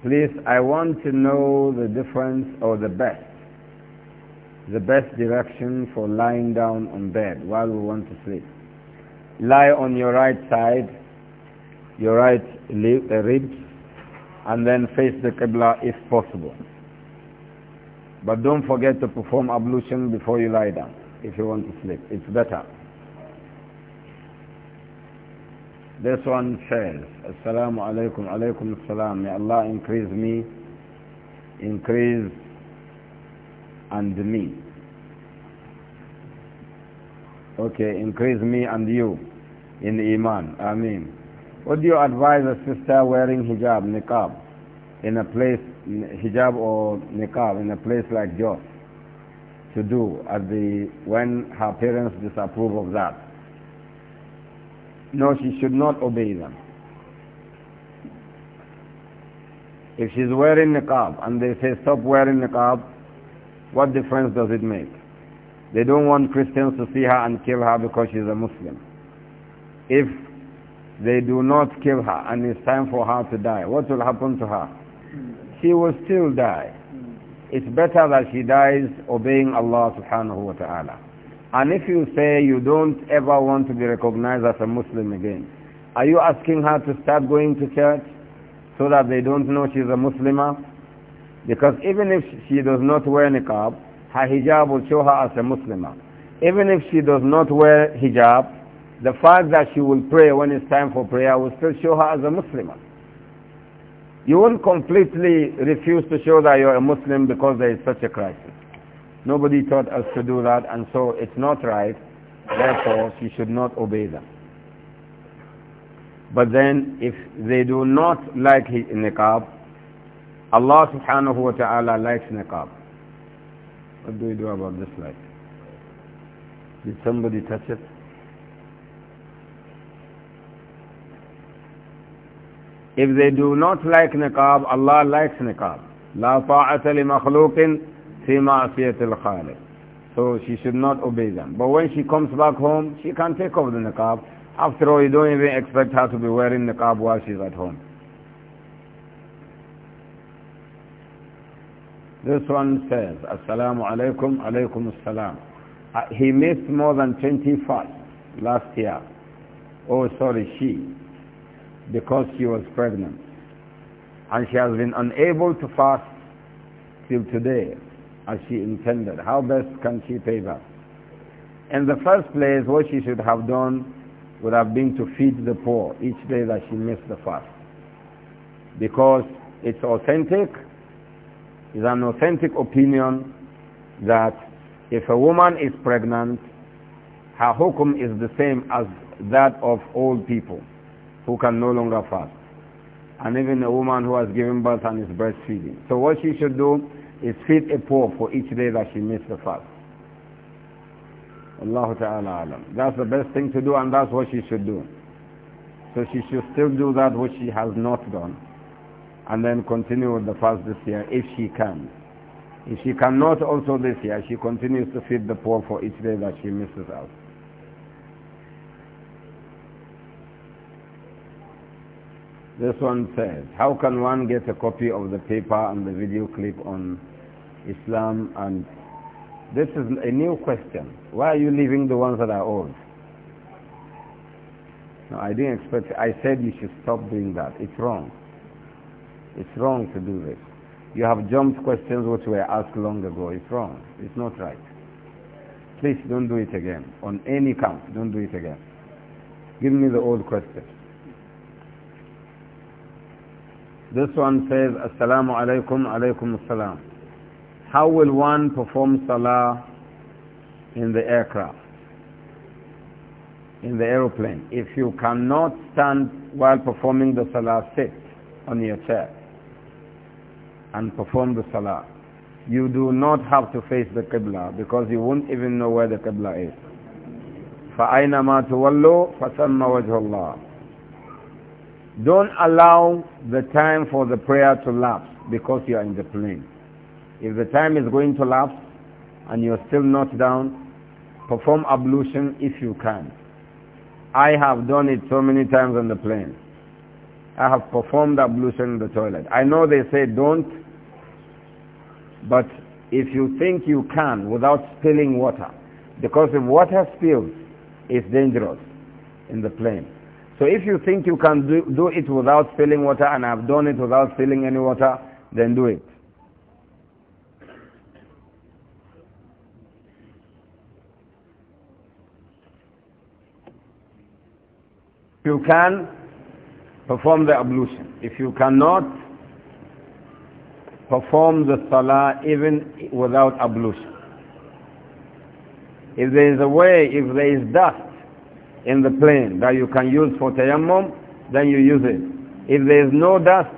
Please, I want to know the difference or the best, the best direction for lying down on bed while we want to sleep. Lie on your right side, your right uh, ribs, and then face the Qibla if possible. But don't forget to perform ablution before you lie down if you want to sleep. It's better. This one says, Assalamu alaikum, alaikum assalam. May Allah increase me, increase and me. Okay, increase me and you in Iman. Ameen. Would you advise a sister wearing hijab, niqab, in a place, hijab or niqab, in a place like yours, to do at the, when her parents disapprove of that? No, she should not obey them. If she's wearing niqab and they say stop wearing niqab, what difference does it make? They don't want Christians to see her and kill her because she's a Muslim. If they do not kill her and it's time for her to die, what will happen to her? She will still die. It's better that she dies obeying Allah subhanahu wa ta'ala. And if you say you don't ever want to be recognized as a Muslim again, are you asking her to start going to church so that they don't know she's a Muslimah? Because even if she does not wear niqab, her hijab will show her as a Muslimah. Even if she does not wear hijab, the fact that she will pray when it's time for prayer will still show her as a Muslimah. You won't completely refuse to show that you're a Muslim because there is such a crisis. Nobody taught us to do that, and so it's not right. Therefore, she should not obey them. But then, if they do not like niqab, Allah subhanahu wa ta'ala likes niqab. What do we do about this light? Did somebody touch it? If they do not like niqab, Allah likes niqab. لا طاعة لمخلوق في معصية الخالق. So she should not obey them. But when she comes back home, she can take off the niqab. After all, you don't even expect her to be wearing niqab while she's at home. This one says, Assalamu alaikum, alaikum assalam. Uh, he missed more than 20 fasts last year. Oh, sorry, she. Because she was pregnant. And she has been unable to fast till today as she intended. How best can she pay back? In the first place, what she should have done would have been to feed the poor each day that she missed the fast. Because it's authentic, it's an authentic opinion that if a woman is pregnant, her hukum is the same as that of old people who can no longer fast. And even a woman who has given birth and is breastfeeding. So what she should do is feed a poor for each day that she missed the fast. Allah Ta'ala alam. That's the best thing to do and that's what she should do. So she should still do that which she has not done and then continue with the fast this year if she can. If she cannot also this year, she continues to feed the poor for each day that she misses out. This one says, how can one get a copy of the paper and the video clip on Islam and this is a new question. Why are you leaving the ones that are old? No, I didn't expect, I said you should stop doing that. It's wrong. It's wrong to do this. You have jumped questions which were asked long ago. It's wrong. It's not right. Please don't do it again. On any count, don't do it again. Give me the old questions. This one says, Assalamu alaikum, alaikum assalam. How will one perform salah in the aircraft, in the aeroplane? If you cannot stand while performing the salah, sit on your chair and perform the salah. You do not have to face the Qibla because you won't even know where the Qibla is. فَأَيْنَمَا تُوَلُّوا فَثَمَّ وَجْهُ اللَّهِ don't allow the time for the prayer to lapse because you are in the plane. If the time is going to lapse and you're still not down, perform ablution if you can. I have done it so many times on the plane. I have performed ablution in the toilet. I know they say don't, but if you think you can without spilling water, because if water spills, it's dangerous in the plane. So if you think you can do, do it without spilling water and have done it without spilling any water, then do it. You can perform the ablution. If you cannot perform the salah even without ablution. If there is a way, if there is dust, in the plane that you can use for tayammum, then you use it. If there is no dust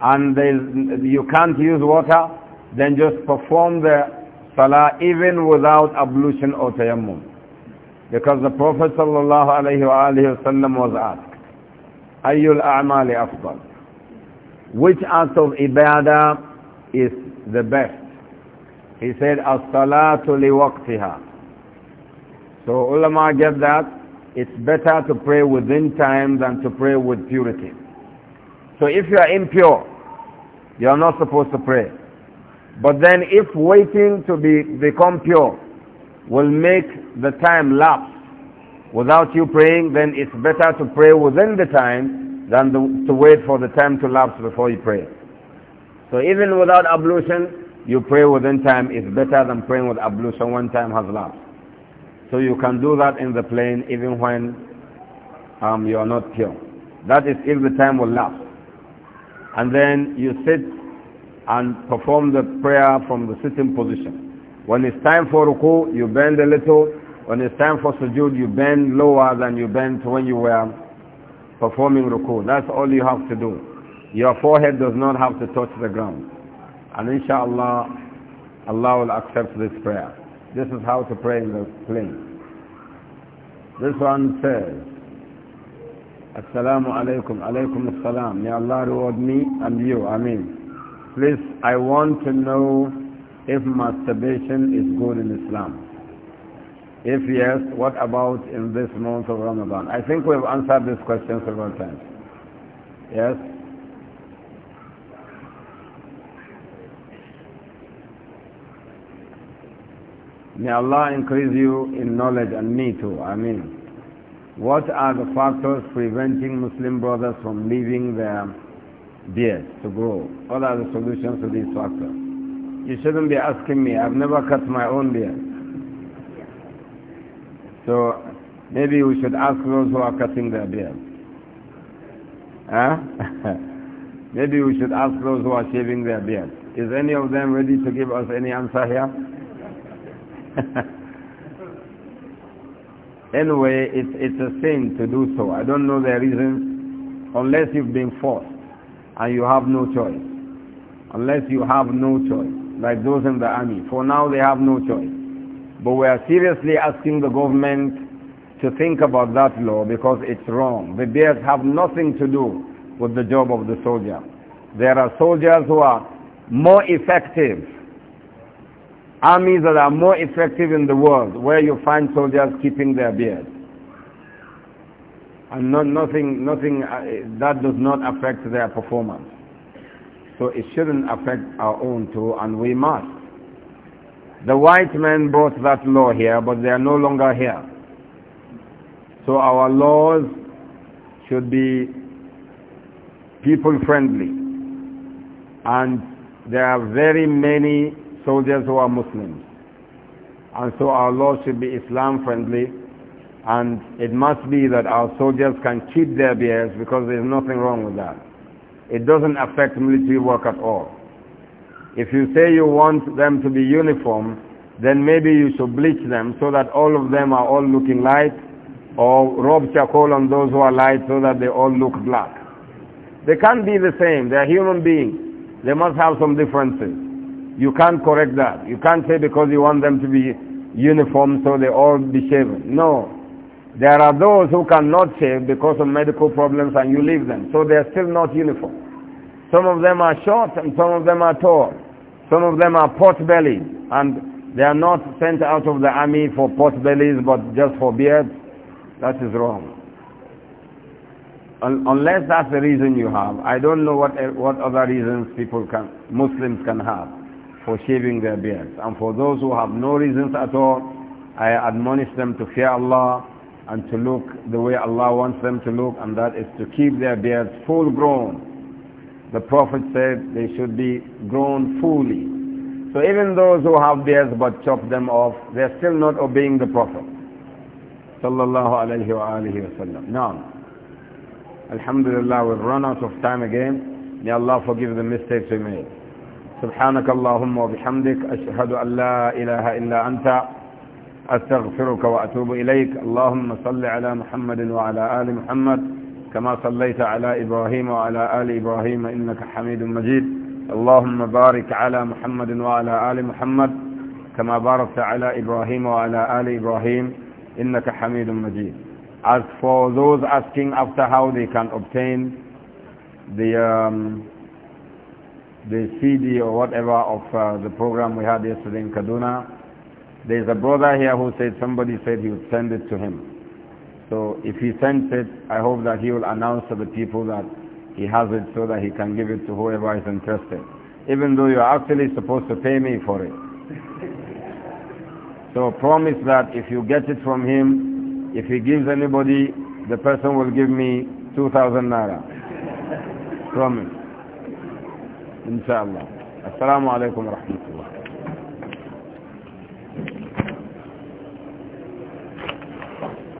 and you can't use water, then just perform the salah even without ablution or tayammum. Because the Prophet sallallahu alayhi wa was asked, Ayyul a'mali afdal? Which act of ibadah is the best? He said, as-salatu liwaqtiha. So ulama get that. It's better to pray within time than to pray with purity. So if you are impure, you are not supposed to pray. But then if waiting to be, become pure will make the time lapse without you praying, then it's better to pray within the time than the, to wait for the time to lapse before you pray. So even without ablution, you pray within time is better than praying with ablution when time has lapsed. So you can do that in the plane even when um, you are not pure. That is if the time will last. And then you sit and perform the prayer from the sitting position. When it's time for ruku, you bend a little. When it's time for sujood, you bend lower than you bent when you were performing ruku. That's all you have to do. Your forehead does not have to touch the ground. And inshallah, Allah will accept this prayer. This is how to pray in the plane. This one says, Assalamu alaikum, alaikum assalam. May Allah reward me and you. Ameen. Please, I want to know if masturbation is good in Islam. If yes, what about in this month of Ramadan? I think we've answered this question several times. Yes? May Allah increase you in knowledge and me too. I mean, what are the factors preventing Muslim brothers from leaving their beards to grow? What are the solutions to these factors? You shouldn't be asking me. I've never cut my own beard. So maybe we should ask those who are cutting their beards. Huh? maybe we should ask those who are shaving their beards. Is any of them ready to give us any answer here? anyway, it's a sin to do so. I don't know the reasons, unless you've been forced and you have no choice. Unless you have no choice, like those in the army. For now, they have no choice. But we are seriously asking the government to think about that law because it's wrong. The bears have nothing to do with the job of the soldier. There are soldiers who are more effective armies that are more effective in the world where you find soldiers keeping their beards. And not, nothing, nothing uh, that does not affect their performance. So it shouldn't affect our own too, and we must. The white men brought that law here, but they are no longer here. So our laws should be people friendly. And there are very many soldiers who are Muslims. And so our law should be Islam friendly and it must be that our soldiers can keep their beards because there is nothing wrong with that. It doesn't affect military work at all. If you say you want them to be uniform, then maybe you should bleach them so that all of them are all looking light or rub charcoal on those who are light so that they all look black. They can't be the same. They are human beings. They must have some differences. You can't correct that. You can't say because you want them to be uniform so they all be shaven. No. There are those who cannot shave because of medical problems and you leave them. So they are still not uniform. Some of them are short and some of them are tall. Some of them are pot-bellied and they are not sent out of the army for pot-bellies but just for beards. That is wrong. unless that's the reason you have. I don't know what, what other reasons people can, Muslims can have for shaving their beards. And for those who have no reasons at all, I admonish them to fear Allah and to look the way Allah wants them to look, and that is to keep their beards full grown. The Prophet said they should be grown fully. So even those who have beards but chop them off, they're still not obeying the Prophet. Sallallahu alayhi wa wa sallam. Now, Alhamdulillah, we've run out of time again. May Allah forgive the mistakes we made. سبحانك اللهم وبحمدك أشهد أن لا إله إلا أنت أستغفرك وأتوب إليك اللهم صل على محمد وعلى آل محمد كما صليت على إبراهيم وعلى آل إبراهيم إنك حميد مجيد اللهم بارك على محمد وعلى آل محمد كما باركت على إبراهيم وعلى آل إبراهيم إنك حميد مجيد As for those asking after how they can obtain the um, the CD or whatever of uh, the program we had yesterday in Kaduna, there is a brother here who said somebody said he would send it to him. So if he sends it, I hope that he will announce to the people that he has it so that he can give it to whoever is interested. Even though you are actually supposed to pay me for it. So promise that if you get it from him, if he gives anybody, the person will give me 2,000 naira. promise. إن شاء الله السلام عليكم ورحمة الله